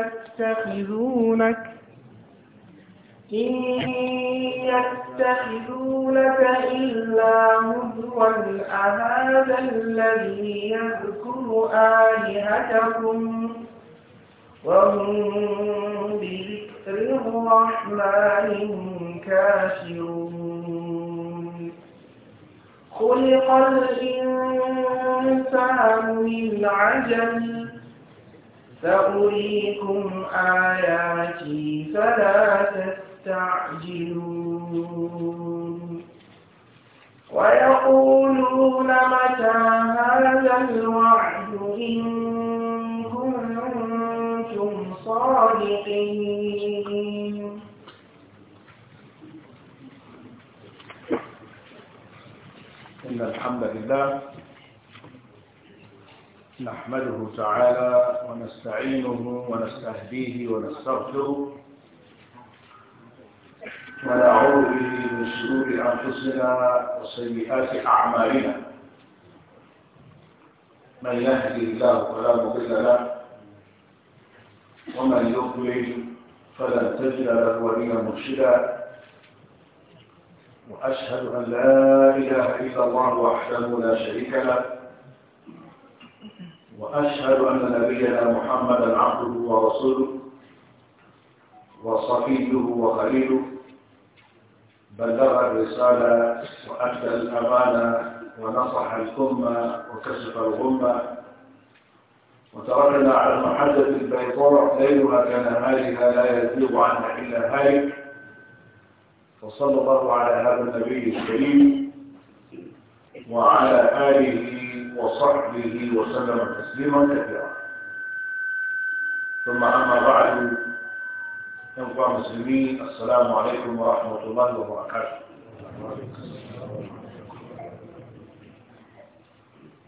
يتخذونك إن يتخذونك إلا هزوا أهذا الذي يذكر آلهتكم وهم بذكر الرحمن كافرون خلق الإنسان من عجل سأريكم آياتي فلا تستعجلون ويقولون متى هذا الوعد إن كنتم صادقين إن الحمد لله نحمده تعالى ونستعينه ونستهديه ونستغفره ونعوذ به من شرور انفسنا وسيئات اعمالنا من يهدي الله فلا مضل له ومن يضلل فلن تجد له وليا مرشدا واشهد ان لا اله الا الله وحده لا شريك له وأشهد أن نبينا محمدا عبده ورسوله وصفيه وخليله بلغ الرسالة وأدى الأمانة ونصح الأمة وكشف الغمة وتركنا على المحجة البيضاء ليلها كنهارها لا يزيغ عنها إلا هالك وصلى الله على هذا النبي الكريم وعلى آله وصحبه وسلم تسليما كثيرا ثم أما بعد ينفع مسلمين السلام عليكم ورحمة الله وبركاته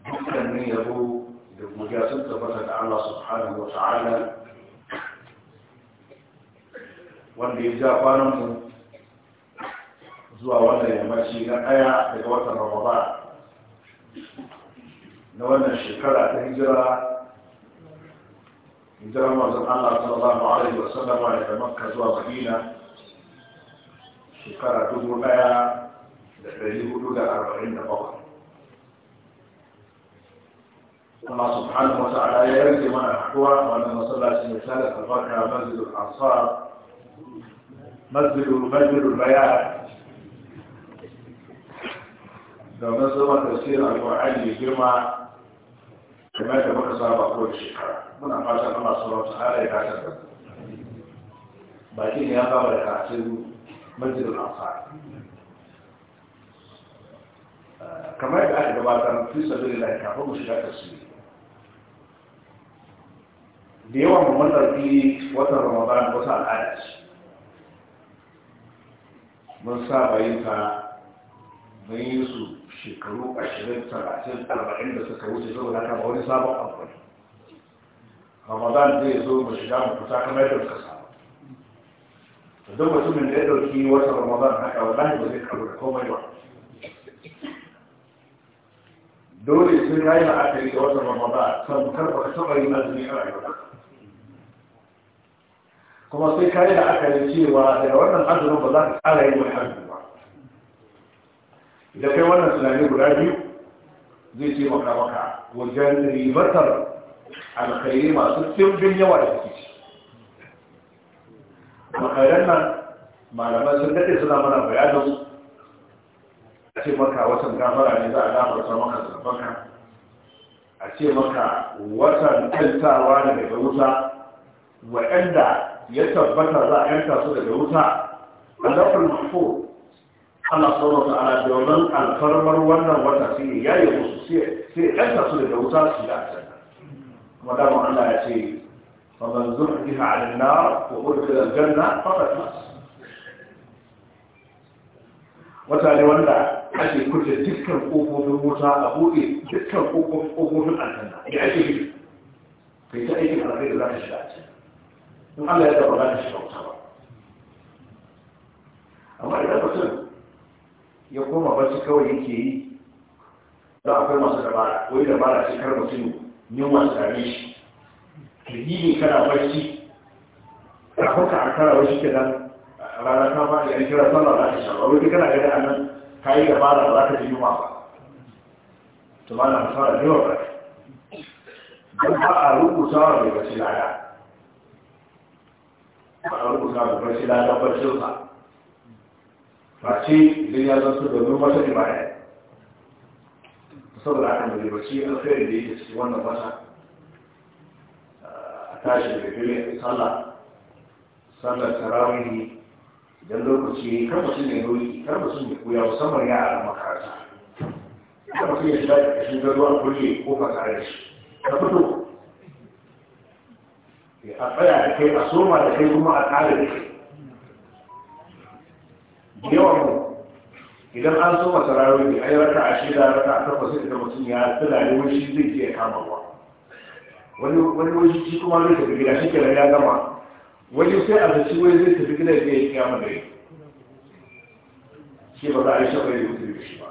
dukkan ne yabo da godiya sun tabbata da Allah subhanahu wa ta'ala wanda ya ja kwanan mu zuwa wannan yammaci na ɗaya daga watan Ramadan na wannan shekara ta hijira hijirar mazan Allah sallallahu alaihi wa sallama daga makka zuwa madina shekara dubu daya da ɗari hudu da arba'in da bakwai Allah subhanahu wa ta'ala ya yarke mana haɗuwa a wannan masallaci mai sada albarka masjidul ansar masjidul masjidul bayan domin zama tafsirin alƙur'ani girma kamar da muka saba ko da shekara muna fatan Allah subhanahu ta'ala ya kasa da baki ne ya fara da karatun masjidul ansar eh, kamar da aka gabatar fi sabilillah kafin mu shiga tasiri da yawan mu wannan fili watan ramadan wata al'ada ce mun saba yin ta mun yi su شكروا عشرين سبع سنة أربعين بس كروت يزور لك أبغوني سابق أفضل رمضان دي يزور مشجام وكتاك ما يدل كسابة فدوما سوم من إدل كي وصل رمضان هكا والله يزيك أبو لكوما يوحد دوري سوم لاي معاكري وصل رمضان سوم كربا كسابة يمازني أعيو لك كما سوم كاي لعاكري تي وانا العدل رمضان على يوم الحمد idan kai wannan tunani guda biyu zai ce maka wajen ribatar alkhairi masu tsimbin yawa da suke ci alkhairan nan malaman sun daɗe suna mana bayanin a ce maka watan gafara ne za a gafarta maka zarfanka a ce maka watan kantawa ne daga wuta waɗanda ya tabbata za a yanka su daga wuta a lafin mahfuz الله سبحانه على دونان الفرمر وانا وانا سيئ يا يخص سيئ سيئ قلت أصول الوزاء سيئ أحسن مدام أن الله يسيئ فمن زحكها على النار وأدخل الجنة فقط نص وتالي وانا أشي كنت تلك القوف من الوزاء أبوئي تلك القوف من الجنة يعني في تأيك على غير الله شيئ أحسن من الله يدبر لا تشبه أما إذا قلت ya koma bacci kawai yake yi za akwai masu dabara wai dabara sai kar mutum ne masu dame shi rigini kana bacci kafin ka an kara wasu kenan rana ta ma ya kira sallah za ta sha ba wai kana gani a nan ka yi dabara ba za ka ji yunwa ba to ba na fara da ba don ba a rubuta wa mai bacci lada ba a rubuta wa mai bacci lada baccinsa face idan ya zanto domin wata ibada saboda aka mai bacci fere da yake cikin wannan wata a tashi da fili a sannan sallar tarawih idan lokaci kar mutum yi roƙi kar mutum ya koya musamman ya makaranta kar mutum ya shiga ƙarƙashin gado a kulle ko fasare da shi ka fito a tsaya da kai a soma da kai kuma a tsara da kai yawan idan an so masa rarar da yi raka a shida raka a takwas da mutum ya tunani wani shi zai je ya kama wa. wani wani shi kuma zai tafi gida shi kenan ya gama wani sai a zaci wani zai tafi gida zai yi kiyama da yi shi ba za a yi shafa yi wuce da shi ba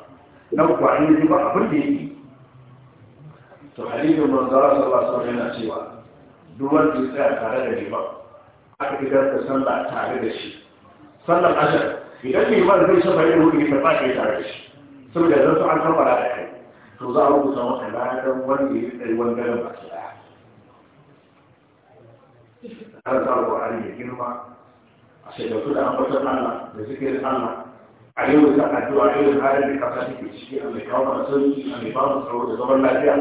na kuwa an yi ba abin da yake to halittar manzara su alaihi yana cewa duk da ya tsaya tare da liman aka fitar da sallah tare da shi sallar ashar idan da zai shafa yin wuri da ba shi tare da shi saboda zan su an kammala da kai to za a rubuta masa ladan wanda ya tsaye wangaren ba su daya ana sa alƙur'ani ya girma a shaidatu da ambatar Allah da zikirin Allah a yau da addu'a irin halin da kasa take ciki a mai kawo masu sauki a mai bamu tsaro da zaman lafiya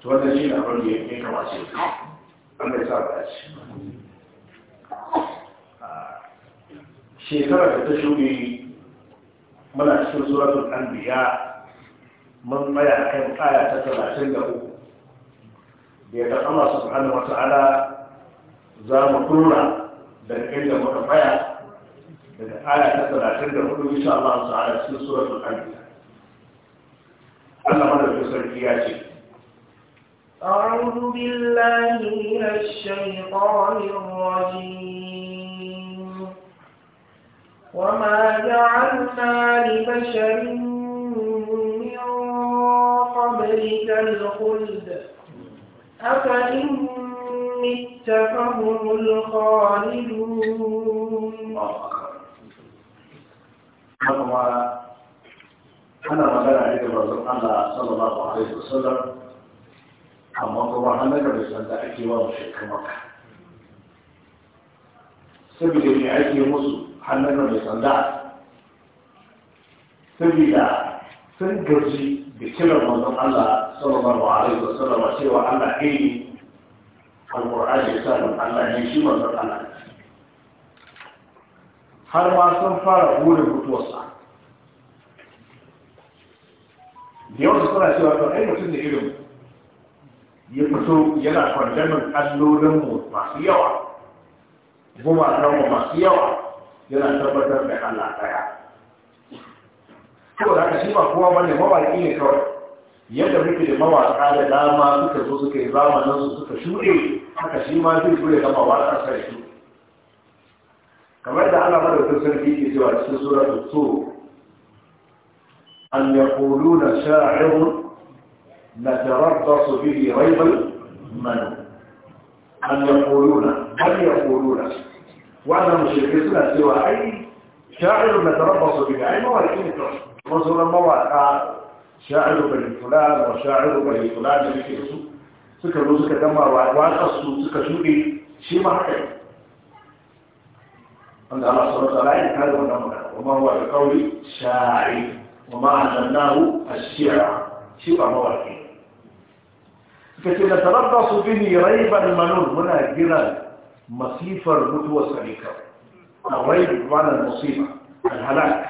to wannan shi ne abin da ya kamace Allah ya sa ba shi shekara da ta shuɗe muna cikin an biya mun maya kan aya ta talatin da uku da ya Allah hannu wata ala za mu tura daga inda muka maya daga aya ta talatin da hudu bisa Allah ala cikin suratun an biya Allah madaukakin sarki ya ce أعوذ بالله من الشيطان الرجيم جعلنا لبشر من قبلك الخلد أفإن مت فهم الخالدون ana magana ne da manzon Allah sallallahu alaihi wasallam amma kuma hannaka da sanda ake wa mushrikan maka saboda ne ake musu hannaka da sanda saboda sun gaji da kiran manzon Allah sallallahu alaihi wasallam cewa Allah ne alqur'ani ya sa Allah ne shi manzon Allah har ma sun fara burin mutuwarsa da yawan suna cewa to ai mutum da irin ya fito yana kwandamin mu masu yawa gumakanmu masu yawa yana tabbatar da Allah ɗaya saboda haka shi ba kowa bane mawaƙi ne kawai yadda muke da mawaƙa da dama suka zo suka yi zamanin su suka shuɗe haka shi ma zai zo ya zama waƙa sai shi kamar da ana madaukin sarki ke cewa cikin suratul tur أن يقولون شاعر نتربص به ريب المنون أن Kulu na, wannan وأنا suna cewa أي شاعر نتربص بنعيم ولكن رسول الله قال شاعر بن فلان وشاعر بن فلان لكي يسوق سكر نوسك كما واقص سكر شوقي شي ما حكى عند الله صلى الله عليه وسلم وما هو بقول شاعر وما عزمناه الشعر شي ما هو فكي نتربص به ريبا المنون هنا جرا مصيفا متوسع الكون الريب بمعنى المصيبة الهلاك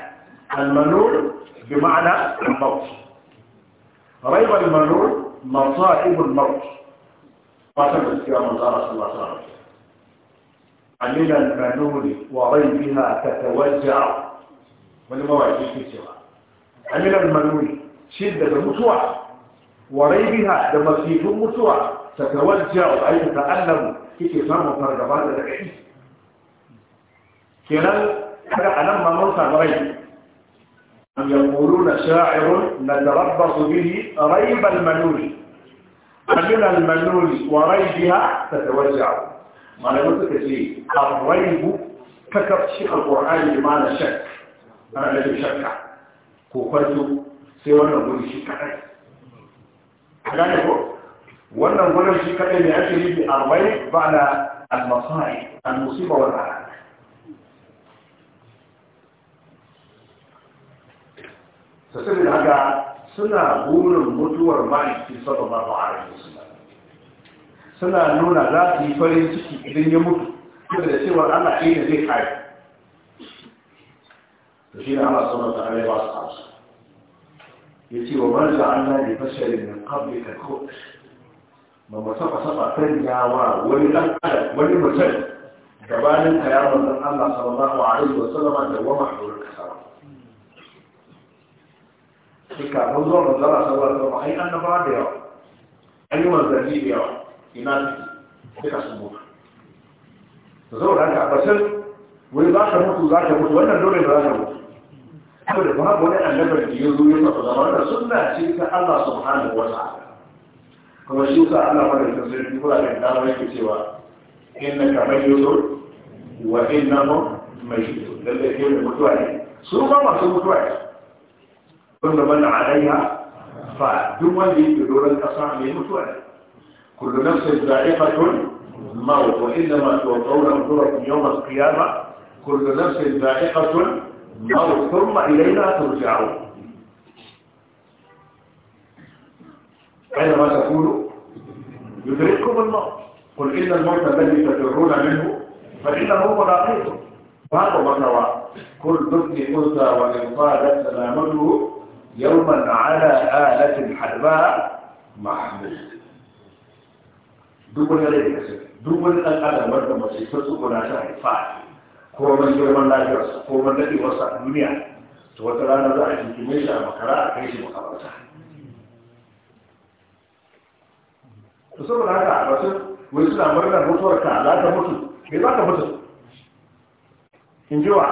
المنور بمعنى الموت ريب المنور مصائب الموت قسم الكرام الله صلى الله عليه وسلم عن المنون وريبها تتوجع ولما واجه في سوى عن المنون شدة المتوى وريبها لما في تتوجع أي تتألم كيف يسمى فرجبات العيش kenan kaga anan ma mun samu rai am yaquluna sha'irun natarabbasu bihi rayb al-manun rajul al-manun wa raybiha tatawajja'u malamu suka ce ar-rayb takafshi al-qur'ani bi ma'ana shakk ana da shakka ko kwanto sai wannan guri shi kadai gane ko wannan gurin shi kadai ne ake yi a ar-rayb ba'da al-masa'ib al-musiba wal-alam to saboda haka suna burin mutuwar ma'aiki sallallahu alaihi wasallam suna nuna za su yi farin ciki idan ya mutu saboda cewa Allah ne zai kare to shi ne Allah sallallahu alaihi wasallam ya ce wa marza Allah ne fasharin min qablika khut ba mu saba saba tanyawa wani dan adam wani mutum gabanin kayamun Allah sallallahu alaihi wasallam da wa mahdurul kasara suka muzuwa manzara sallallahu alaihi wasallam ai annaba da yawa ayyukan zargi da yawa ina suka sun mutu saboda haka ba san wai za ka mutu za ka mutu wannan dole ba za ka mutu saboda ba wani annabar da ya zo ya tafi zama wannan sunna ce ta Allah subhanahu wa ta'ala kuma shi ka Allah mai tafsirin kula da dama yake cewa innaka mayyitun wa innahum mayyitun lalle kai mutuwa ne su ma masu mutuwa ne كل من عليها فدول بدور الأصنع من مطوعة كل نفس ذائقه موت وإنما توضعون أمدوركم يوم القيامة كل نفس ذائقه موت ثم إلينا ترجعون عندما تقول يدرككم الموت قل إن الموت الذي تجرون منه فإنه مراقبه فهذا ما نوى كل ذكر وان وإنصار سلامته يوما على آلة حرباء محمود duk wani rai da duk wani ɗan adam wanda mace ta tsukuna ta haifa ko man girman lafiyarsa ko man daɗewarsa a duniya to wata rana za a jinkime a makara a kai shi makabarta to haka a batun wani suna murnar mutuwar mutu ka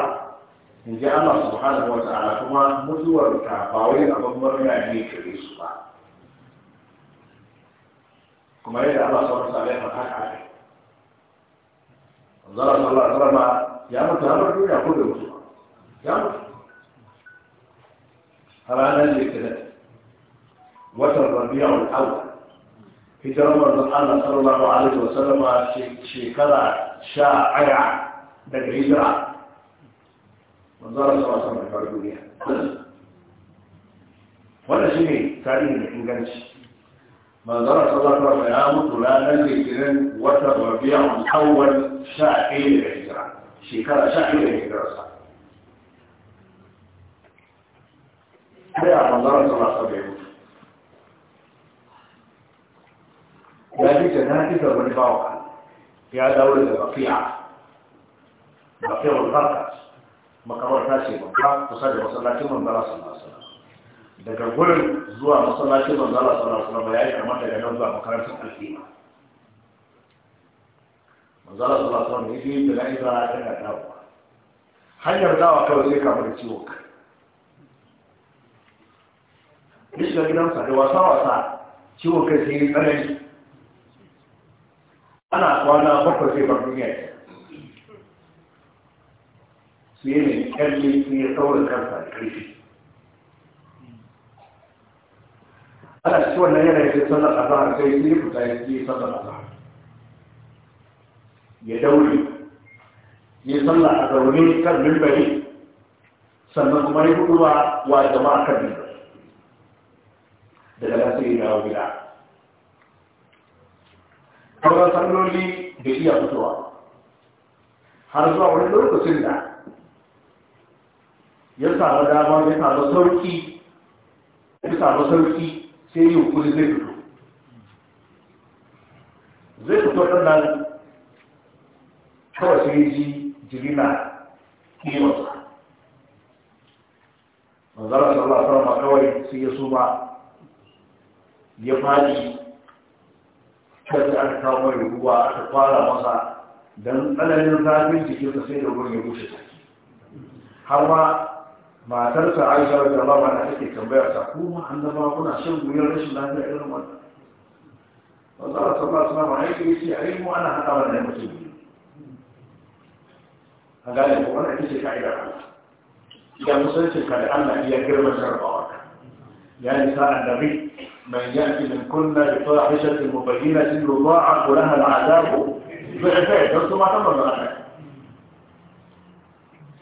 in ji Allah subhanahu wa ta'ala kuma mutuwar ta ba wai abin murna ne gare su ba kuma yadda Allah subhanahu wa ta'ala ya faɗa a kai Allah sallallahu alaihi wasallam ya mutu har duniya ko da mutu ya mutu ranar litinin watan rabi'ul awwal hijirar manzon Allah sallallahu alaihi wasallam shekara sha aya daga hijira وزارة صلاة الله ولا شيء تاريخ الإنجليش ما زار صلاة الله يا مطلع نجي كنن وتر ربيع أول شاعر الهجرة شكرا شاعر الهجرة يا منظر صلاة الله يا دي جنات إذا بني باوكا يا دولة بقيعة بقيعة الغرقش makabarta ce babba kusa da masallacin manzara sallallahu alaihi daga gurin zuwa masallacin manzara sallallahu alaihi wasallam yayi kamar daga nan zuwa makarantar alfima manzara sallallahu alaihi wasallam yayi da la'iza tana dawa. hanyar dawa kawai zai kamar da ciwo kai duk da gidansa da wasa wasa ciwon kai sai yi tsanani ana kwana bakwai sai bar duniya sai ne kyalle sai ya saura kansa da ƙarfi ana cikin wannan yanayin sai sallar azahar sai sai ya fita ya yi sallar azahar ya daure ya sallar a zaune kan mimbari sannan kuma ya hudu wa wa jama'a kan mimbari daga nan sai ya dawo gida sauran salloli da iya fitowa har zuwa wani lokacin da ya samu damar ya samu sauki ya samu sauki sai yi hukuri zai fito zai fito ɗan nan kawai sai ji jirina kimarsa manzara sallallahu alaihi wasallam kawai sai ya suma ya faɗi sai an kawo mai ruwa aka fara masa don tsananin zafin jikinsa sai da wurin ya rushe har ma matarsa aisha da alama da take tambaya ta kuma annaba kuna shan guyar rashin lafiya irin wannan wanda Allah sallallahu alaihi wasallam aiki yace ai mu ana hada wannan mutum a gane ko wannan ita ce kaida idan musulunci ka da Allah iya girma sharbawa ya nisa annabi من يأتي من كنا بفاحشة مبينة يضاعف لها العذاب ضعفين بس ما تمر معنا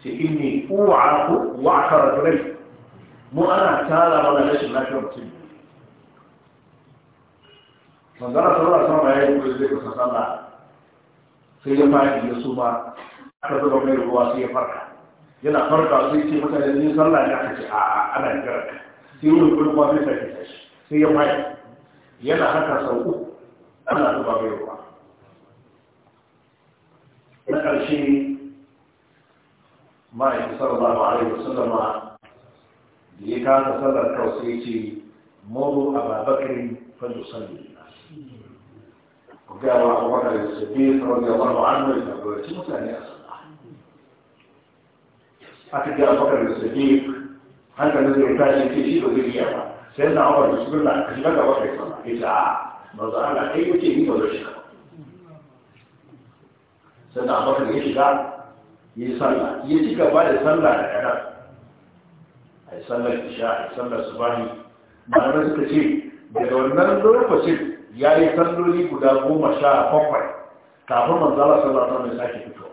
ce inni ku, wa akara rai mu ana tara mana rashin lafiyar mutum manzara sallar sama ya yi kuri zai kusa sallah sai ya fahimta ya ba aka zuba mai ruwa sai ya farka yana farka sai ce mutane yin sallah ya aka ce a'a ana garka sai wani kuri kuma sai sake tashi sai ya fahimta. yana haka sau uku ana zuba mai ruwa na ƙarshe ma'aikin sallallahu alaihi wasallam da ya kasa sallar kawsa ya ce moro a babakarin fajo sallar yana ku gawa a wakar da su biyu ta wajen wani wa'annu da gawarci mutane a sallah aka gawa wakar da su biyu hankali zai tashi ke shi da zai yawa sai na wakar da su biyu na kashi daga wakar da sallah ita a maza ana kai wuce yi ba zai shiga sai na wakar da ya shiga yi sallah ya ci gaba da sallah da kada a yi sallar isha a yi sallar su subani malamai suka ce daga wannan lokacin ya yi salloli guda goma sha a bakwai kafin manzala sallar ta mai sake fito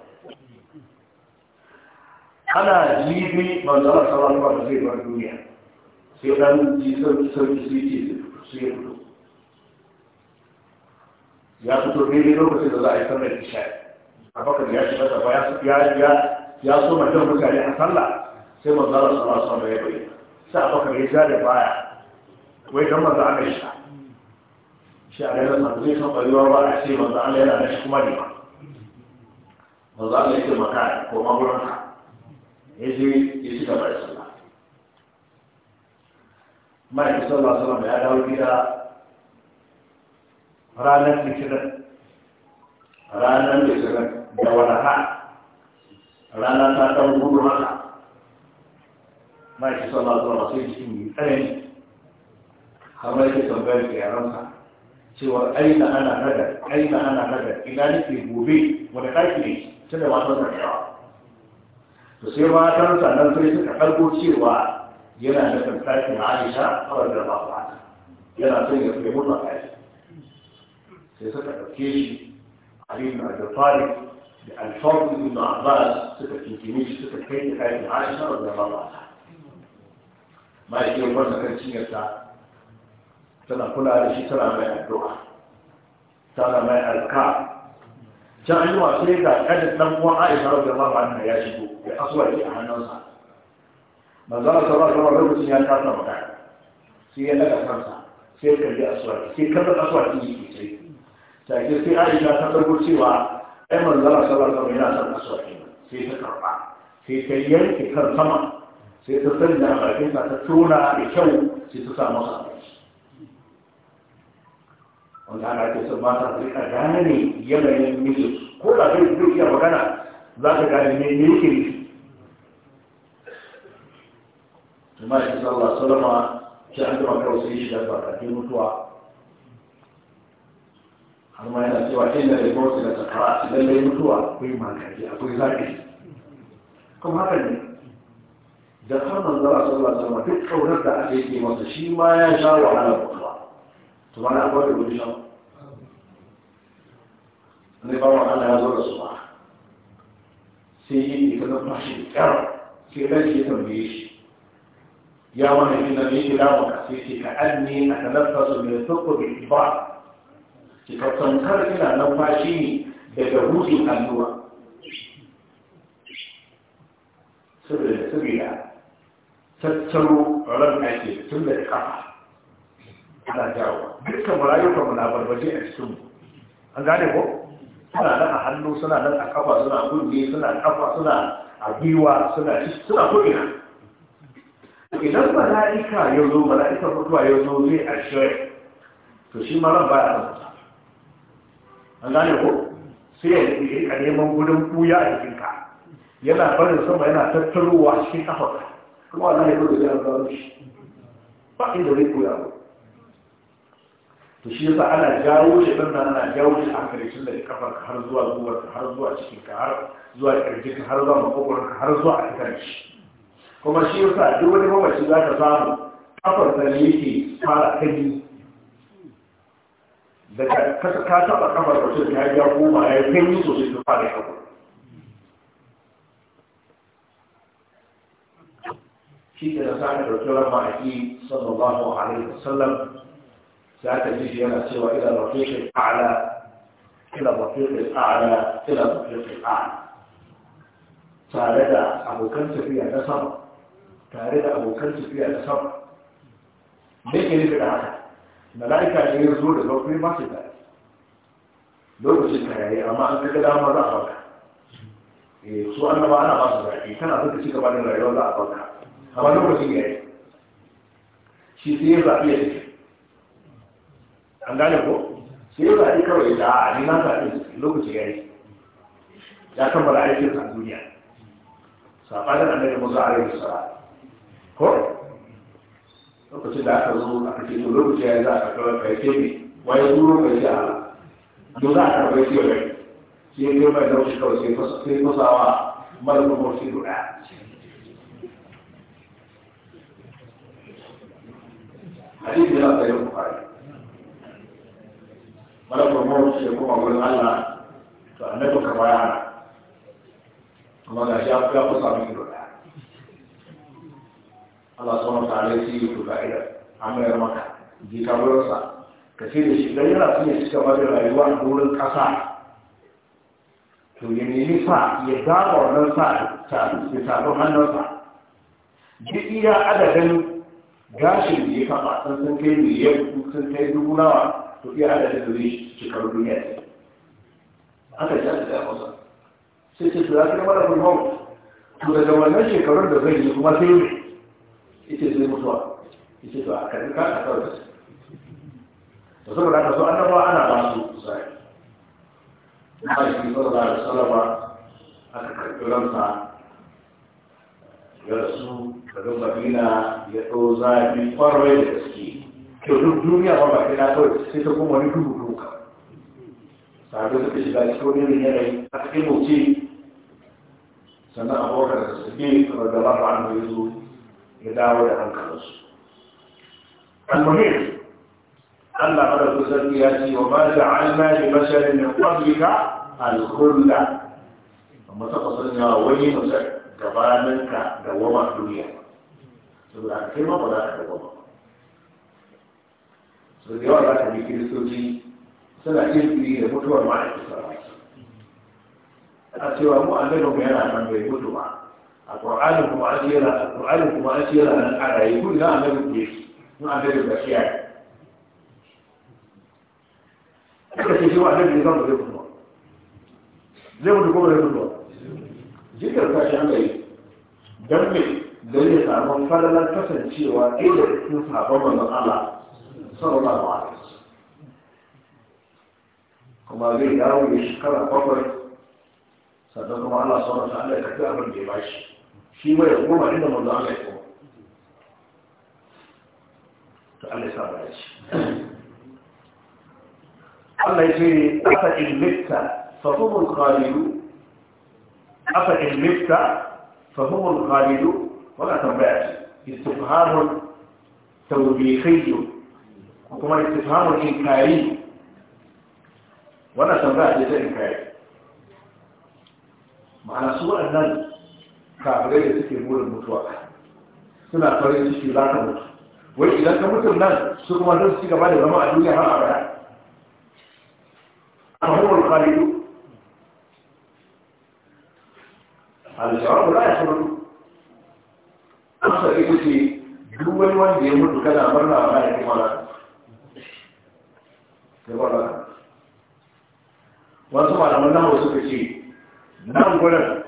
ana jibi manzala sallar ta zai bar duniya sai dan ji sarki sarki sai ce sai ya fito ya fito daidai lokacin da za a yi sallar isha abakar ya shiga gaba ya ya ya so mutum mutane a sallah sai manzo Allah sallallahu alaihi wasallam ya bayyana sai ya ja baya wai dan manzo Allah ya sha shi a ranar manzo zai san barewa ba a ce manzo Allah yana da shi kuma ne ba manzo Allah ya ce maka ko maguranka ya je ya ci gaba da sallah ma'aikin sallallahu alaihi wasallam ya dawo gida ranar litinin ranar litinin da warha rana ta ɗan gudu haka ma'aikata sallah zuwa masu yi cikin yi tsanani kamar yake tambayar da yaransa cewa aina ana nadar aina ana nadar ina nake gobe wani ɗaki ne tun da matan sa yawa to sai matan sa nan sai suka ɗarko cewa yana nufin ɗakin aisha a wajen ba su haka yana son ya fi mutu a sai suka ɗauke shi a yi na da fari. da alfarku ibn abbas suka fitini shi suka kai da kayan aisha wa zama mata ma da ke wanda kan cinyarsa tana kula da shi tana mai addu'a tana mai alka can yi wa sai ga kada dan uwan aisha wa zama mata ya shigo ya asuwa a hannunsa manzana sallallahu alaihi wasallam lokacin ya kasa magana sai ya daga kansa sai ya kalli asuwa sai kallon asuwa ne ke sai sai sai aisha ta farko cewa اما الله سبحانه وتعالى الصحيح في فكر بعض في كيان في فكر سما في تصل لا غير ما تصونا يشو في تصل ما صار وانا عايز اسمع صوتك يا جاني يا بني ميلو كل ده بيجي يا بغانا لا تقدر ني ني كده ثم الله صلى الله عليه وسلم جاء عند ابو har ma yana cewa inda da mawuce da sakara a lallai mutuwa akwai magani akwai zaɓi kuma haka ne da har manzara sallallahu alaihi wasallam duk kaunar da aka yi masa shi ma ya sha wahala mutuwa to mana akwai da gudu shan ne ba wa Allah ya zo da su ba sai yi ka zan fashi da kyar sai ran shi tambaye shi ya wani ina ne ila maka sai ce ka anni na talaffasu min thuqbi ba ka tankar ina numfashi ne daga hutun annuwa saboda saboda tattaro ran ake tun da kafa ana jawo dukkan marayukan mu na barbaje a cikin mu an gane ko suna nan a hannu suna nan a kafa suna gurbe suna kafa suna a gwiwa suna suna ko'ina idan mala'ika ya zo mala'ika mutuwa ya zo zai a shirin to shi ma ran baya nan an gane ko sai ya yi a neman gudun buya a jikinka yana barin sama yana tattarowa cikin kafarka kuma Allah ya gudu ya gano shi ba inda zai koya ba to shi yasa ana jawo shi dan nan ana jawo shi a karshen da kafarka har zuwa zuwa har zuwa cikin ka har zuwa kirjinka har zuwa makogoronka har zuwa a kan shi kuma shi yasa duk wani mamaci za ka samu kafar ta ne yake fara kani daga kasa ka taba kamar mutum ta ya koma ya yi sanyi sosai ta fara kawo shi ke da sa'ar da tura ma'aiki sallallahu alaihi wasallam za ka ji yana cewa ila rafiqil a'la ila rafiqil a'la ila rafiqil a'la tare da abokan tafiya na sama tare da abokan tafiya na sama me ke nufi da haka mala'ika ne ya zo da zafi ba shi tare lokacin ka yayi amma an kaga dama za a baka eh su annaba ana ba su zaɓi kana so ka ci gaba da rayuwa za a baka amma lokacin ya yi, shi sai ya zafi ya ce an gane ko sai ya zafi kawai ya a ni na zaɓi lokacin yi. ya kammala aikinsa a duniya sabanin annabi musa alaihi salam ko lokacin da aka zo aka ce lokaci ya za a karɓar kai ce ne waye zuro kai ce ala to za a karɓar ce kai shi ne mai da wasu kawai sai sai fasawa mara kuma sai guda hadisi na tsaye bukari mara kuma sai kuma wurin Allah to annabi kamar ana kuma ga shi ya fasa mai guda Allah subhanahu wa ta'ala sai yi duka ida an bayar maka ji kabarsa ka ce da shi dan yana son ya cika mata rayuwa a wurin kasa to ya nemi sa ya gaba nan sa ta ya samu hannunsa duk iya adadin gashin da ya kafa sun sun kai miliyan sun kai dubu nawa to iya adadin da zai cikar duniya ne aka ci aka gaya masa sai ce su za su gama da kuma to daga wannan shekarun da zai yi kuma sai ita zai mutuwa ita to a ka a da saboda haka so annabawa ana ba su zai na aiki sallallahu alaihi wasallam aka karbi ransa ya madina ya zafi da gaske to duk duniya ba baki na kawai sai ta kuma wani duhu duka sabi yanayi a cikin mace sannan abokan da suke da ba ba an ya dawo da hankalinsu المهم الله قد تسمياتي وما جعلنا لبشر من قبلك الخلة amma ta fasar ya wani masa gabanin ka da wama duniya saboda kai ma ba za ka gaba ba. so da yawa za ka bi kiristoci suna yin da mutuwar ma'aikata a cewa mu annabin mu yana nan bai mutu ba a ƙwa'anin kuma an shera a ƙwa'anin kuma an shera nan a rayu kun na annabi ke kun annabi ba shi yayi aka ce shi wa annabi ne da zai mutu zai mutu kuma zai mutu jikar kashi an gari don me don ya samu falalar kasancewa ɗaya da cikin sabon manzon Allah sallallahu alaihi wasallam kuma zai dawo ya shekara bakwai sannan kuma Allah sauran sa Allah ya karɓi abin da ya bashi shi ma ya koma inda manzo Allah ya koma to Allah ya sa mu dace Allah ya ce afa in mitta fa hum al khalidu afa in mitta fa hum al khalidu wala tambaya istifhamun tawbikhiyyu kuma istifhamun inkari wannan tambaya ce ta inkari ma'ana su waɗannan kafirai da suke burin mutuwa suna farin ciki za ka mutu wai idan ka mutum nan su kuma zai ci gaba da zama a duniya har abada a mahimman khalidu al-shawar ba ya sabaru amsa ita ce duk wani wanda ya mutu kana murna a bayan kuma na da ba wasu malaman nawa suka ce nan gurin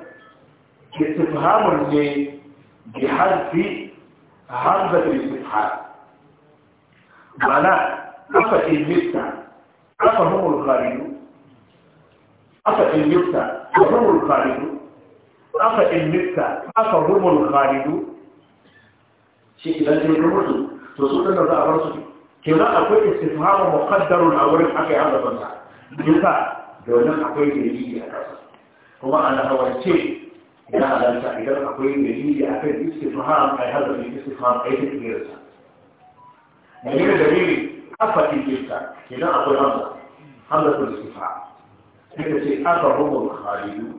istifhamun ne bi harfi harfatul istifham mana afa ilmista afa humul kharidu afa ilmista afa humul kharidu afa ilmista afa humul kharidu shi idan sai rubutu to su za a bar su kenan akwai istifhamun muqaddarun a wurin aka yi hada banza bisa akwai a kasa kuma a hawance ya halarta idan akwai dalili a kan istifham ai hada da istifham ai ta kiyarsa dalilin dalili afa kiyarsa idan akwai hamza hamza ta istifham sai ta ce afa hukun khalidu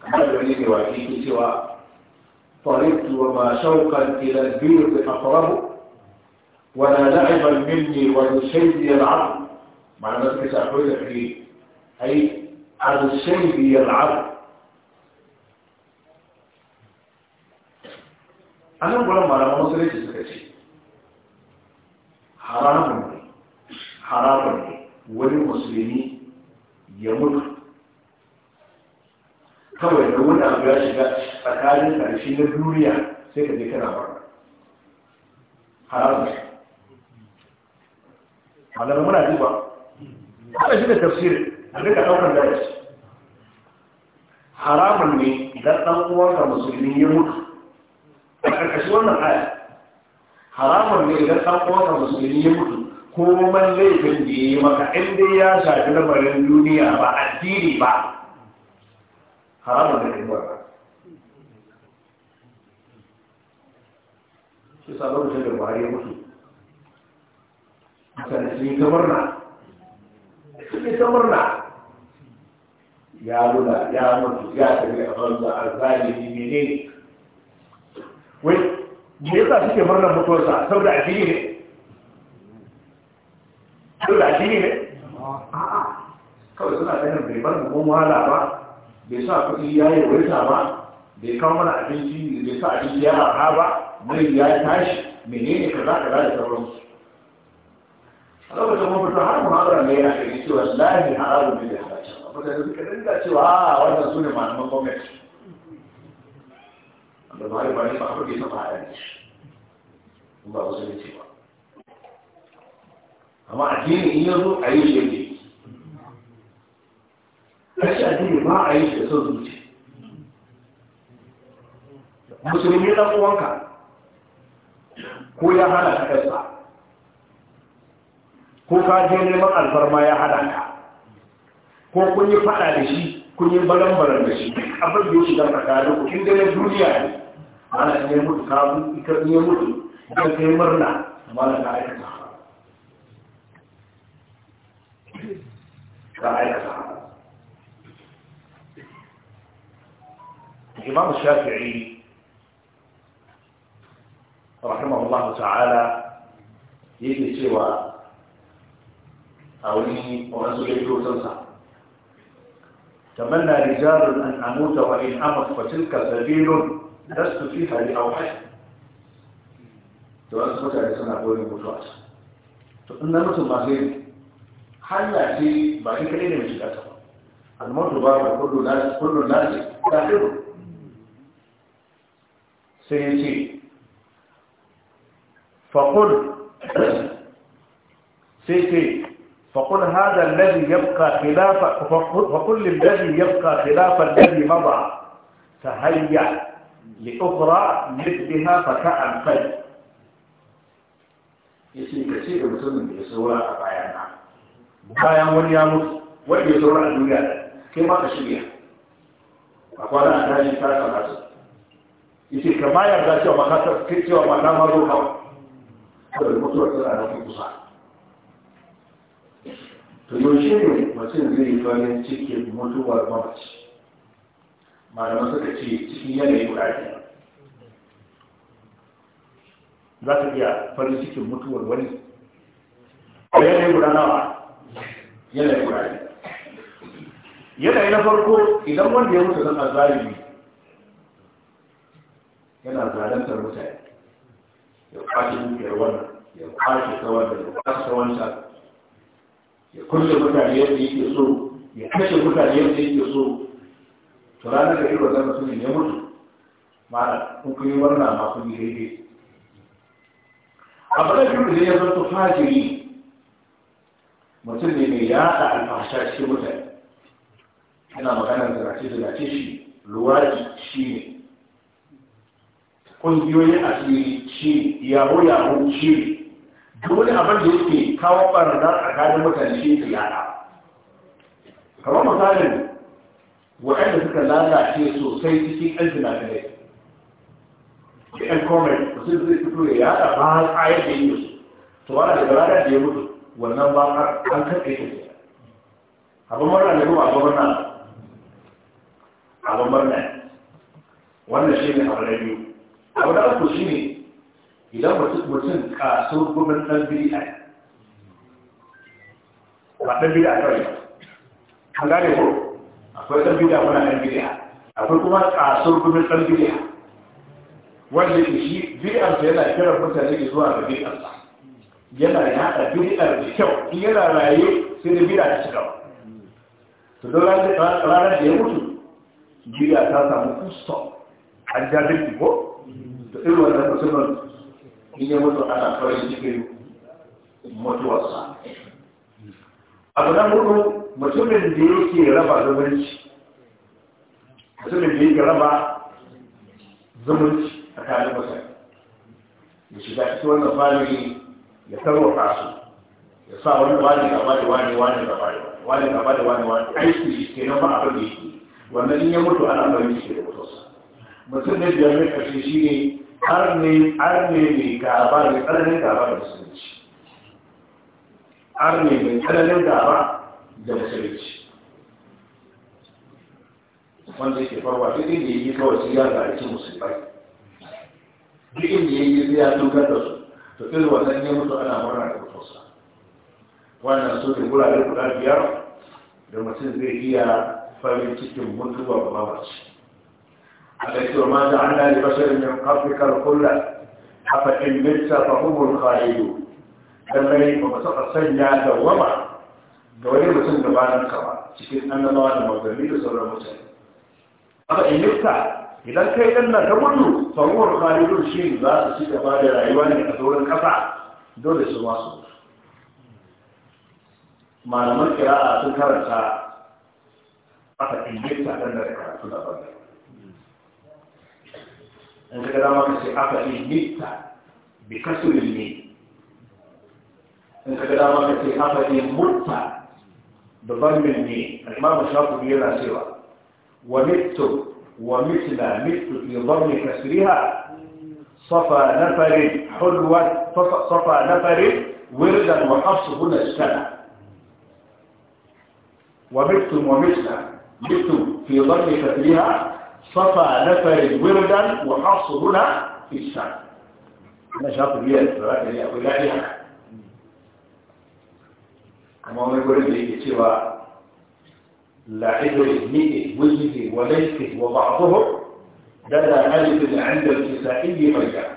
kamar da ne wa ke cewa طربت وما شوقا إلى البيض أقرب ولا لعبا مني ولشيء العقل معنى ذلك سأقول لك أي الشيب يلعب أنا أقول ما أنا مصري تسكتي حرام حرام والمسلمين يملك kawai da wani abu ya shiga tsakanin ƙarshe na duniya sai ka je kana ba haramun malamai muna duba ana shi da tafsirin a duka ɗaukar darasi haramun ne idan ɗan uwanka musulmi ya mutu a ƙarƙashin wannan aya haramun ne idan ɗan uwanka musulmi ya mutu ko man laifin da ya yi maka inda ya shafi lamarin duniya ba addini ba haramun da ya ba shi sa lokacin da buhari ya mutu A sun yi ta murna ta murna يا لولا يا مرتزاة بأغلى أرباني منين وين يطلع فيك مرة بطوزة سوى العجينة سوى العجينة كوي سنة تهنا بريبان مقومها لعبا بيساء كوئياي ويساء ما بيكاو من عجينة بيساء عجينة لعبا مرياي تاش منين كدا كدا يتغرمس الله بس مبتحان مهارا ميناك يسوى الله حرام بيحرام mutane suka dinga cewa a ah, wannan su ne malaman gwamnati da ba ba ne ba a fage saba a yanzu ba wasu ne ce ba amma addini in yanzu a yi shi ne rashin addini ba a yi shi da son zuci musulmi na uwanka ko ya hana ka kansa ko ka je neman alfarma ya hana ka ko kun yi faɗa da shi kun yi baran da shi abin da shi shiga tsakanin ku inda na duniya ne mana in yi mutu kafin ikar in mutu don kai murna na ka aikata ka aikata imam shafi'i rahimahullahu ta'ala yake cewa a wani wani sojoji ko sansa تمنى رجال أن أموت وإن أمر فتلك سبيل لست فيها لأوحد تبقى سمتع لسنا أقول المتوأس تبقى نمت المغير حال يأتي بعين الموت بارد كل ناس كل ناس فقل سيأتي فقل هذا الذي يبقى خلاف فقل الذي يبقى خلاف الذي مضى فهيا لأخرى مثلها فكأن فج يسير كثير مسلم بسوء بيان بيان ولي أمر ولي زرع الدنيا كما تشبيه أقول أنا هذه ثلاثة ناس يسير كما يرجع ما خطر كتير ما نام روحه فالمطور تلا نفسه to yaushe ne mutum zai yi farin cikin mutuwar mamaci malaman suka ce cikin yanayi guda ne za ka iya farin cikin mutuwar wani a yanayi guda nawa yanayi guda ne yanayi na farko idan wanda ya mutu zama zalimi yana zalantar mutane ya kwashe dukiyar wannan ya kwashe ta da ya kwashe ta ya kulle mutane yadda yake so ya kashe mutane yadda yake so to ranar da irin wannan mutumin ya mutu mara kun kun yi wannan ma kun yi daidai abu da kuma da ya zanto fajiri mutum ne mai yaɗa alfasha cikin mutane yana maganar zarace zarace shi luwaɗi shi ne Kungiyoyin asiri shi yaho yaho shi ne dole abin da yake kawo barnar a kanin mutane shi su yada kamar misalin waɗanda suka lalace sosai cikin ɗan finafinai da ɗan komen da su zai fito ya yada ba a tsayar da yi su to ba da gara da ya mutu wannan ba a an karɓe su abin marar da ruwa abin murna abin murna wannan shi ne abin na biyu abu na uku shi ne idan mutum kaso gudun ɗan yi ba ɗan a kawai an gane ko akwai ɗan a wani ɗan a akwai kuma kaso gudun ɗan a wanda ke shi biri'arsa yana kiran mutane zuwa ga sa yana yaɗa biri'ar da kyau in yana raye sai da biyar ta ci gaba to don ranar da ya mutu biyar ta samu kusto an jajirki ko da irin wannan musulman iya mutu ana farin cikin mutuwarsa abu na hudu mutumin da yake raba zumunci mutumin da yake raba zumunci a kanin mutane ya shiga cikin wannan family ya tarwata kasu ya sa wani wani gaba da wani wani gaba da wani gaba da wani wani aiki ke nan ba abin da yake wannan in ya mutu ana farin cikin da mutuwarsa mutum ne biyar na ƙarshe shi ne har ne mai gaba mai tsananin gaba da musulunci har mai tsananin gaba da musulunci wanda ke farwa duk inda yi kawai su ya zarci musulmai duk inda yi ya dogar da su to irin wannan ne mutu ana murna da mutuwarsa wannan su ne wurare guda biyar da mutum zai iya farin cikin mutuwa ba mamaci عليك وما جعلنا لبشر من قبلك الخلة أفإن مت فهم الخالدون lallai ba mu taɓa sanya da wama da wani mutum da ba nan kama, cikin annabawa da magani da sauran mutum. amma in yutta idan kai ɗan nan ka gudu faruwar khalidun shi za su ci gaba da rayuwa ne a sauran ƙasa dole su masu su malaman kira'a sun karanta aka in yutta ɗan da karatu da bangare أنت كذا في سيحفة إجميتا بكسر المين أنت كذا في سيحفة إجميتا بضم المين يعني ما مشاكل بيلا ومت ومثل مت في ضم كسرها صفى نفر حلوة صفى نفر وردا وحفص هنا السنة ومت ومثل مت في ضم كسرها صفى نفر وردا هنا في الشعب أنا شاطر ليا الصلاة اللي أقول لها أما هو يقول لي سوى لعب إذنه وزنه وليسه وبعضه دل ألف عند الكسائي مجال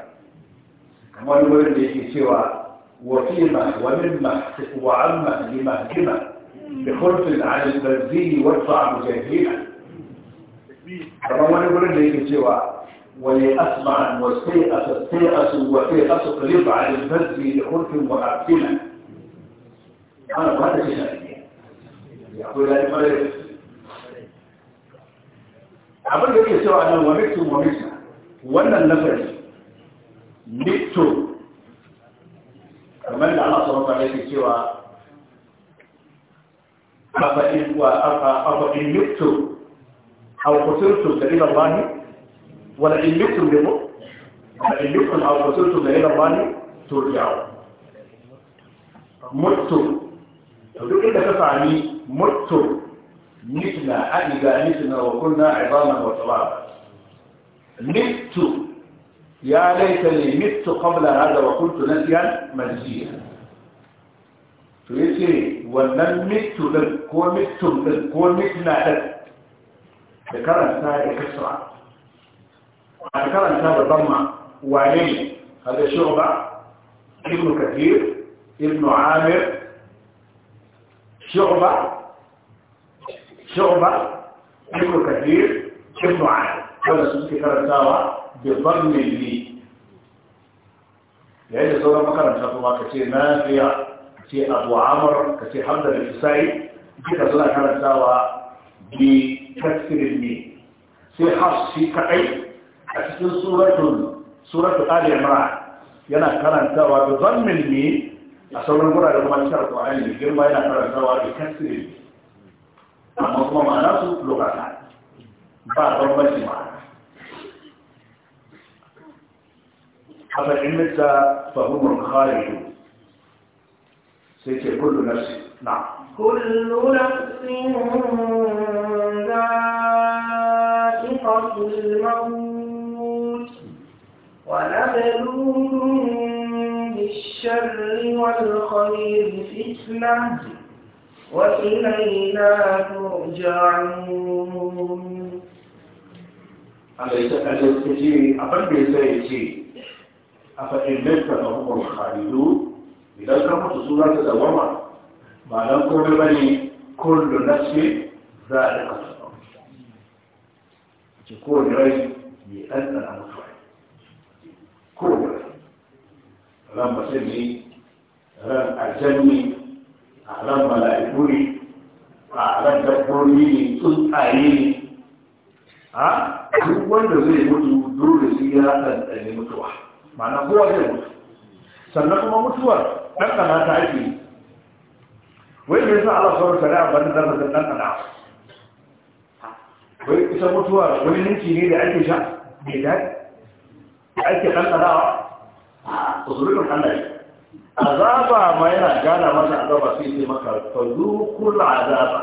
كما يقول لي سوى وفيما ومما وعما لمهجمة بخلف عن البنزين وادفع مجاهيلا kamar wani gurin da yake cewa wani asma'an wa sai asu sai asu wa sai asu qalib ala al-bazri da urfin wa afina ana ba da shi ya akwai da mare abin da yake cewa nan wa mitu wa mita wannan lafazi mitu kamar da Allah sallallahu alaihi wasallam yake cewa afa in wa afa afa in mitu أو قتلتم إلى الله ولئن يقتل منه ولئن يقتل أو قتلتم إلى الله ترجعوا متم تقول إذا تفعلي متم مثل أجد مثلنا وكنا عظاما وترابا مت يا ليتني مت قبل هذا وكنت نسيا منسيا فيسي ولن مت لن كون مت لن كون ذكرنا الكسرة ذكرنا هذا الضمة وعلم هذا شعبة ابن كثير ابن عامر شعبة شعبة ابن كثير ابن عامر هذا سبب ذكرنا ساوى بضم لي لأن الزورة ما كان شاء الله كثير نافية كثير أبو عمر كثير بن حسين كثير الزورة كان ساوى بي تكسر الميم سي حرف سي كأي أتسن سورة سورة آل عمران ينا كرن توا بضم الميم أصلا نقول لما ما شرط عن الجرم ينا كرن توا بكسر الميم أما هو معناه لغتان بعض ربما معنا حتى علمت فهم الخارج سيتي كل نفس نعم كل نفس الموت ونبلوهم بالشر والخير فتنة وإلينا ترجعون a idan ka mutu su za ta dawama ba nan kome ba kullum na ce za a daga su ce kowane rai mai ɗanɗana mutuwa kowane rai ran mutum ne ran aljan ne a ran mala'iku ne a ran dabbobi ne tsuntsaye ne a duk wanda zai mutu dole sai ya ɗanɗane mutuwa ma'ana kowa zai mutu sannan kuma mutuwar ɗanɗana ta ake wai ne sa Allah sauran shari'a ba da zarafin ɗanɗana Wai isa mutuwa wani ninki ne da ake sha mai daɗi da ake ɗanɗanawa a tsoron Allah ne azaba ma yana gana masa azaba sai sai maka fazukul azaba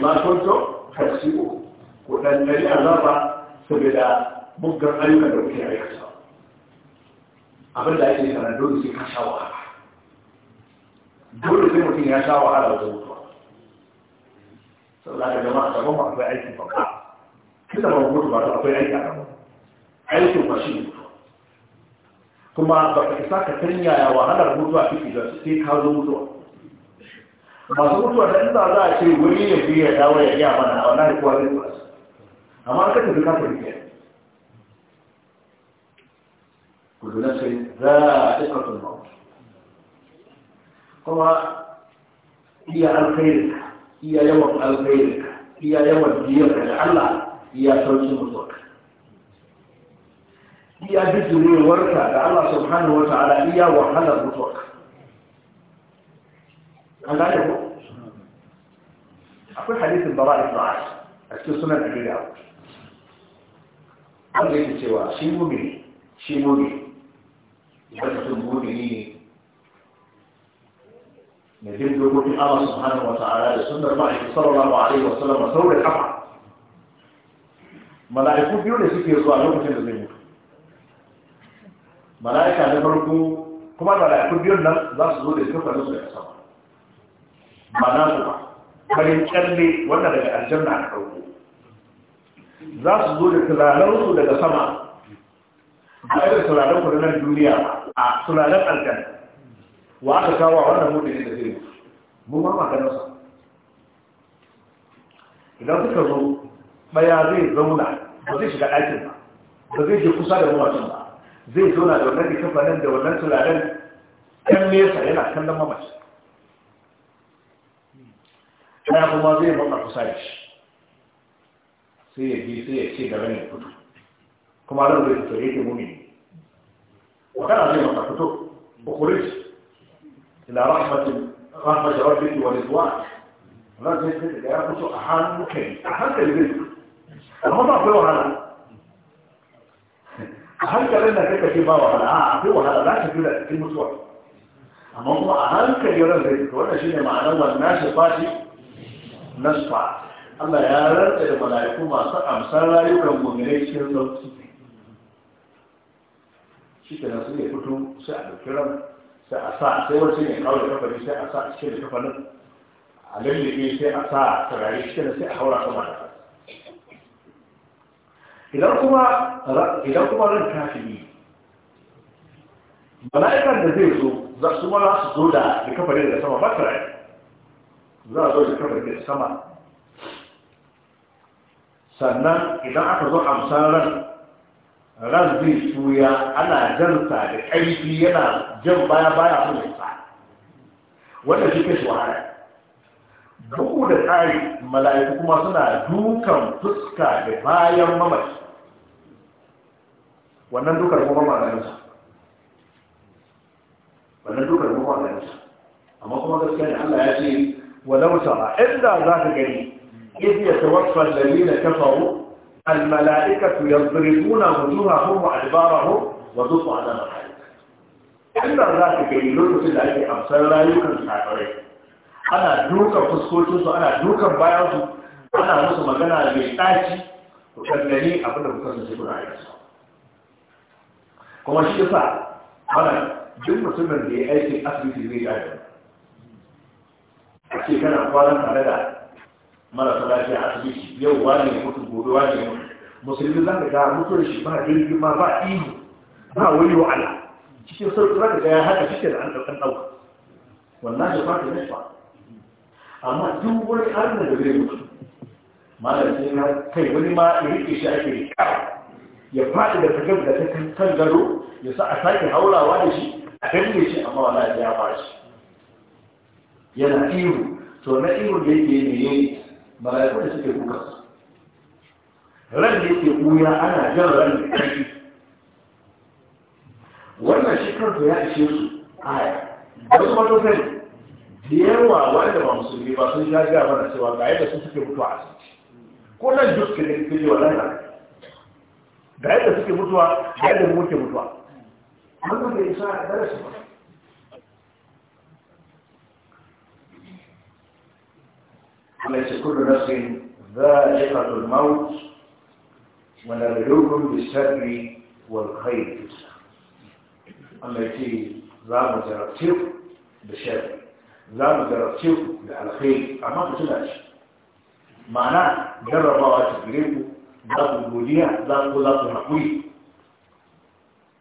ma kunto tasiu ko dan dai azaba saboda muggan ayyukan da kuke aikata abin da ake kana dole sai ka sha wahala dole sai mutum ya sha wahala da mutuwa saboda ka jama'a akwai aiki babba kisa ba mutu ba akwai aiki a gaban aikin fashin mutuwa kuma ba ka isa ka san yaya wahalar mutuwa take da sai ka zo mutuwa masu mutuwa da inda za a ce wani ya dawo ya iya mana a wannan kuwa zai tsara amma an kasa duka turkiya ku zuna sai za a ɗaukar turma kuma iya iya yawan alkhairinka iya yawan biyarka da Allah iya sauki mutuwarka iya bijirewarka da Allah subhanahu wa ta'ala iya wahalar mutuwarka an gane ko akwai hadisin bara isra'il a cikin sunan da gida an zai cewa shi mumini shi mumini wanda sun mumini ne mai bin dokokin Allah subhanahu wa ta'ala da sunnar ma'aikin sallallahu alaihi wa sallam sau da kafa mala'iku biyu ne suke zuwa lokacin da zai mutu mala'ika na farko kuma mala'iku biyun nan za su zo da suka nasu daga sama ba na su ba farin kyalle wanda daga aljanna na farko za su zo da tunalarsu daga sama A irin tunalar kudanar duniya a tunalar aljanna wa aka kawo wannan mutum da zai mun ma maganarsa idan suka zo ɗaya zai zauna ba zai shiga ɗakin ba ba zai je kusa da mawacin ba zai zauna da wannan ikafanin da wannan turaren ɗan nesa yana kallon mamaci ɗaya kuma zai mamma kusa da shi sai ya ji sai ya ce da ranar fito kuma nan zai fito yake mumini wakana zai mamma fito ukurish ila rahmatin فاطمة جواب بنتي ورضوان الله زي كده يا ابو سبحان ممكن أحسن كلمة الموضوع في وهلا هل كلمنا كده كده وهلا اه في وهلا لا كده في مشروع الموضوع أهم كلمة زي ولا شيء معناه والناس فاشي نشفع Allah ya rantsa da mala'iku masu amsar rayukan mummunai cikin sauki shi ke nan suke fito sai a ɗauki ran sai a sa sai wancan ya kawo da kafari sai a sa a cikin da kafarin a lallabe sai a sa turare cikin sai a haura sama da idan kuma idan kuma ran kafiri mala'ikan da zai zo za su ma za su zo da da kafarin da sama ba turare za a zo da kafarin da sama sannan idan aka zo amsan ran ran zai suya ana jansa da ƙarfi yana jan baya baya sun sa wanda shi ke wahala duk da tsari mala'iku kuma suna dukan fuska da bayan mamaci wannan dukar kuma maganarsa wannan dukar kuma maganarsa amma kuma gaskiya ne Allah ya ce walau tara inda za ka gani idh yatawaffa alladhina kafaru الملائكة يضربون وجوههم وأدبارهم وضفوا على محارك عند ذلك يقولون في ذلك أمسان لا يمكن تعترف أنا دوكا فسكوتوس أنا دوكا بايوس أنا نص مجانا بيتاجي وكذلني أبدا بكثن سيكون عليك kuma shi yasa mana duk mutumin da ya aiki asibiti zai gaya a ce kana kwanan tare da marasa lafiya a asibiti yau wa ne mutu gobe wa ne mutu musulmi zan ga mutuwar shi ba ma ba ihu ba wani wa'ala cikin sauƙi za ga ya haka cikin da an ɗaukan ɗauka ya fata ne ba amma duk wani harin da zai mutu malam sai na kai wani ma ya rike shi ake rika ya faɗi da tagar da ta kan gado ya sa a sake haulawa da shi a danne shi amma wani ya ba shi yana ihu to na ihu da yake ne mala'iku da suke kuka ran da yake kuya ana jan ran da kashi wannan shi kanto ya ishe su aya wasu matofai da yawa wanda ba musulmi ba sun sha gaya mana cewa ga yadda sun suke mutuwa a asibiti ko nan duk ke da ke je wannan nan ga yadda suke mutuwa ga yadda muke mutuwa an ba da isa darasi ba وليس كل نفس ذائقة الموت ونبلوكم بالسر والخير أما التي لا مترتب بالشر لا مترتب على الخير أما قتلاش معناه جربوا تجربوا ذاك الجودية ذاك ذاك النقوي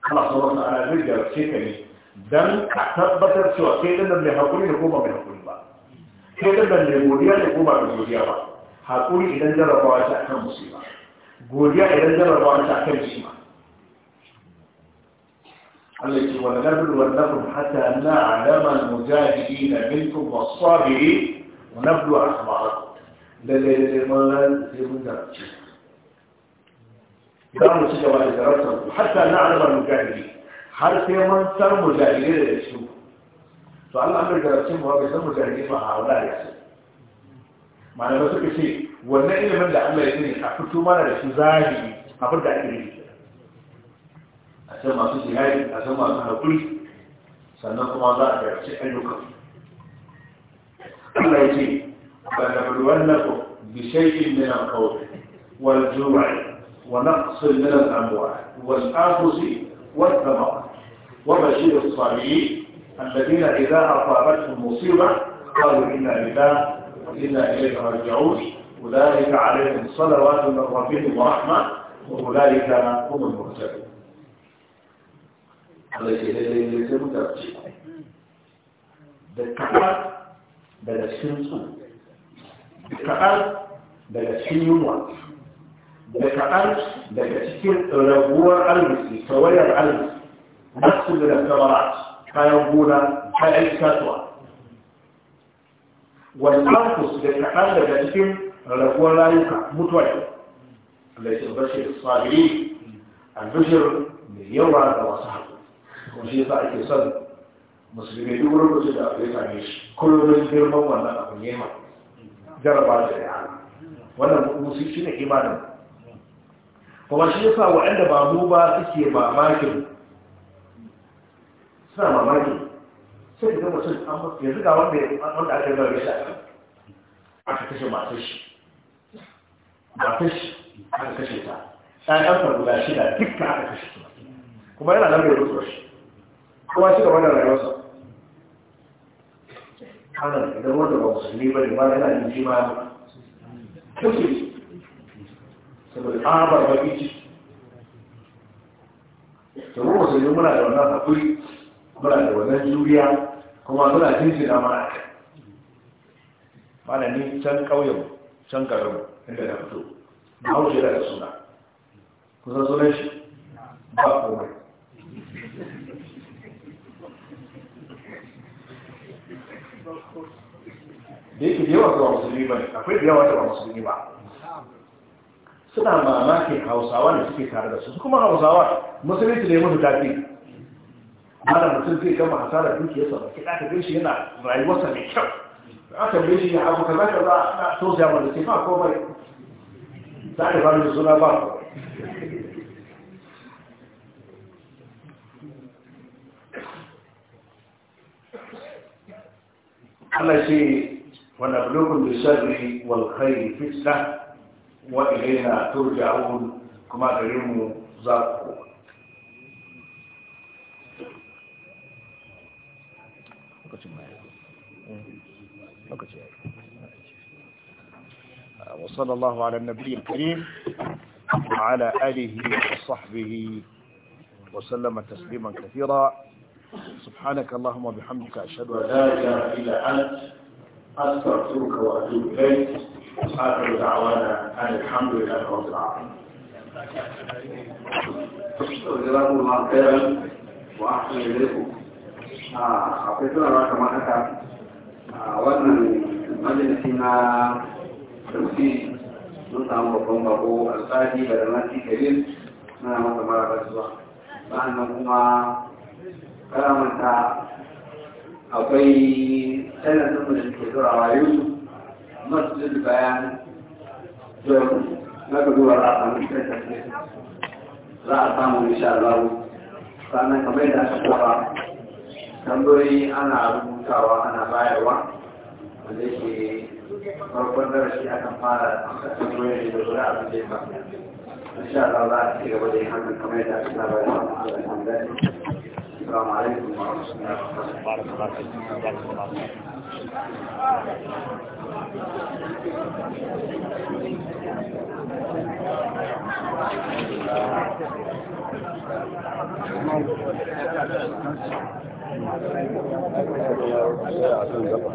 خلاص الله تعالى بيجي يرسيكني دم أثبت لم يحقوني بيحكوني نقوم بيحكوني بقى sai da ban da godiya ne ko ba da godiya ba haƙuri idan jarabawa ta akan musiba godiya idan jarabawa ta akan musiba Allah ce wa nabdu wa nabdu hatta na'lama al-mujahidin minkum was-sabirin wa nabdu akhbarakum lalle lalle mallan sai mun da idan mu ci gaba da jarabtar hatta na'lama al-mujahidin har sai mun san mujahidin da su to Allah bai garabce mu bai san mu zargi ba a wala da su malama suka ce wannan ilimin da Allah ya yi a fito mana da shi zahiri a furta ake yi a san masu jihadi a san masu hakuri sannan kuma za a garabce ayyukan Allah ya ce ba da bulwannakum بشيء من الخوف والجوع ونقص من الأموال والأنفس والثمرات وبشر الصالحين الذين إذا أصابتهم مصيبة قالوا إنا لله وإنا إليه رجعون أولئك عليهم صلوات من ربهم ورحمة وأولئك هم المهتدون هذا ليس المسلم هو المسلم هو المسلم هو المسلم هو المسلم هو المسلم هو المسلم هو المسلم هو المسلم هو المسلم هو المسلم kayan gona kayan itatuwa wani ankus da kaɗan daga cikin raguwar rayuka mutuwa ne Allah ya bashir sabiri albashir mai yawa da wasu haku kuma shi yasa ake son musulmi duk wurin da abu ya same shi kullum girman wannan abu ne ma jaraba da ya wannan musu shi ne imanin kuma shi yasa waɗanda ba mu ba suke mamakin suna mamaki sai ka ga mutum an mutu yanzu ga wanda wanda aka gaba shi aka kashe matar shi matar shi aka kashe ta ɗayan guda shida dukka aka kashe ta kuma yana nan bai mutuwa shi kuma shi gaba da rayuwarsa kanan idan wanda ba musulmi ba ne ba yana yin shi ma kuke saboda tsabar baki ciki domin musulmi muna da wannan haƙuri muna da wannan juriya kuma muna shi dama a kai malami can ƙauyen can garin inda na fito na shi daga suna kusan sunan shi ba komai da yake yawa zuwa musulmi ba akwai da yawa zuwa musulmi ba suna mamakin hausawa da suke tare da su kuma hausawa musulunci ne mafi tafi mana mutum zai gama hasarar dukiyarsa ba sai aka gaishe yana rayuwarsa mai kyau aka gaishe ya abu kaza kaza na so ya mana sai ba komai za ka ba da suna ba Allah ce ونبلوكم بالشر والخير فتنة وإلينا ترجعون كما كريم زاقكم وصلى الله على النبي الكريم وعلى آله وصحبه وسلم تسليما كثيرا سبحانك اللهم وبحمدك أشهد أن لا إله إلا أنت أستغفرك وأتوب إليك آخر دعوانا أن الحمد لله رب العالمين. أجزاكم الله خيرا وأحسن إليكم. حفظنا الله كما a wannan majalisi na tafsiri mun samu babban bako alƙali da ramati kabil muna masa mara zuwa sa'annan kuma karamanta akwai sanar da mutum ke turawa yusuf masjid bayan jirgin na ga zuwa za a samu tattafi za a samu insha Allah sannan kamar da aka saba tambayoyi ana rubuta rubutawa ana bayarwa wanda yake farkon darasi akan fara tambayoyi da zuwa abin da ya faru insha Allah za a ci gaba da yin hakan kamar yadda aka saba da Allah ya san dadi السلام عليكم ورحمة الله وبركاته Allah ya san gaba